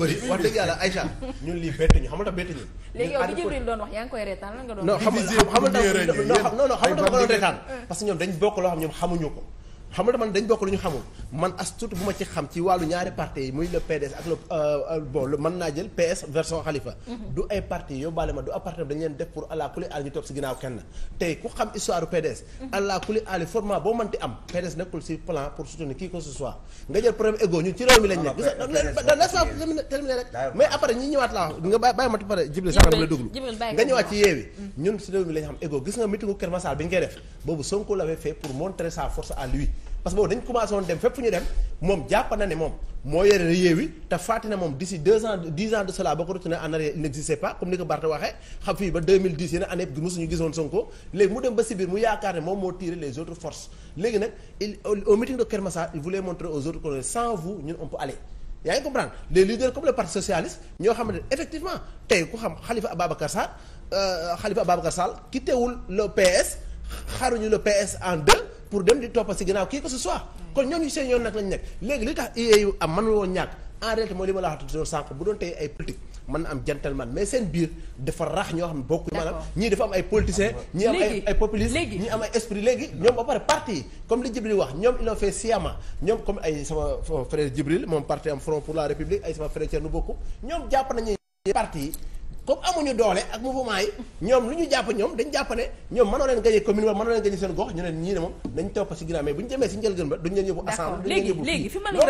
bëri wax dëgg yàlla Aïcha ñun lii bett ñu xam nga bett ñu. léegi yow bi Jibril doon wax yaa ngi koy reetaan lan nga doon. non xam nga ko doon xamuñu ko xam nga man dañ bokk lu ñu xamul man as tuut bu ma ci xam ci wàllu ñaari parti yi muy le PDS ak le euh, euh, bon mën naa jël PS version Khalifa. Mhm. du ay parti yóbbaale ma du appartement dañu leen def pour allah kulli aal ñu toog si ginnaaw kenn tey ku xam histoire mhm. allah kulli aal format boo mënti am PDS nekkul si plan pour soutenir qui nga jël problème égo ñun ci réew mi lañ ah, nekk. waaw waaw PDS ñëwaat laa nga bàyyi ma ti pare Jibril parce que boobu dañ commencé woon dem fépp fu ñu dem moom jàpp ne moom moo yore Yewwi te fàtte na moom d'ici deux ans dix ans de cela boo ko retourné en arrière il n'existait pas comme ni ko Barth waxee xam fii ba 2010 yeneen année bi mosuñu gisoon Sonko léegi mu dem ba si biir mu yaakaar ne moom moo tiré les autres forces léegi nag il au meeting de il voulait montrer aux autres que sans vous ñun on peut yaa ngi comprendre les leaders comme le euh, wul le PS xaruñu le PS en deux pour dem di toppa si ginnaaw kii que ce soit kon ñoom ñu seen yoon nag lañ nekk léegi li tax IEU yu am mënul woon ñàkk en réalité li ma la wax toujours sànq bu doon tey ay politique mën na am gentleman mais seen biir dafa rax ñoo xam ne bokk bokkuñu maanaam ñii dafa am ay politiciens ñii am ay ay populistes ñii am ay esprit léegi ñoom ba pare parti yi comme li Jibril wax ñoom ils l'ont fait sciemment ñoom comme ay sama frère Jibril moom parti am Front pour la République ay comme amuñu doole ak mouvement yi ñoom lu ñu jàpp ñoom dañ jàpp ne ñoom mënoo leen gañe commune ba mënoo leen gañe seen gox ñu ne ñii ne moom dañ topp si ginnaaw mais bu ñu demee si njëlgën ba duñ leen yóbbu assemblée duñ leen yóbbu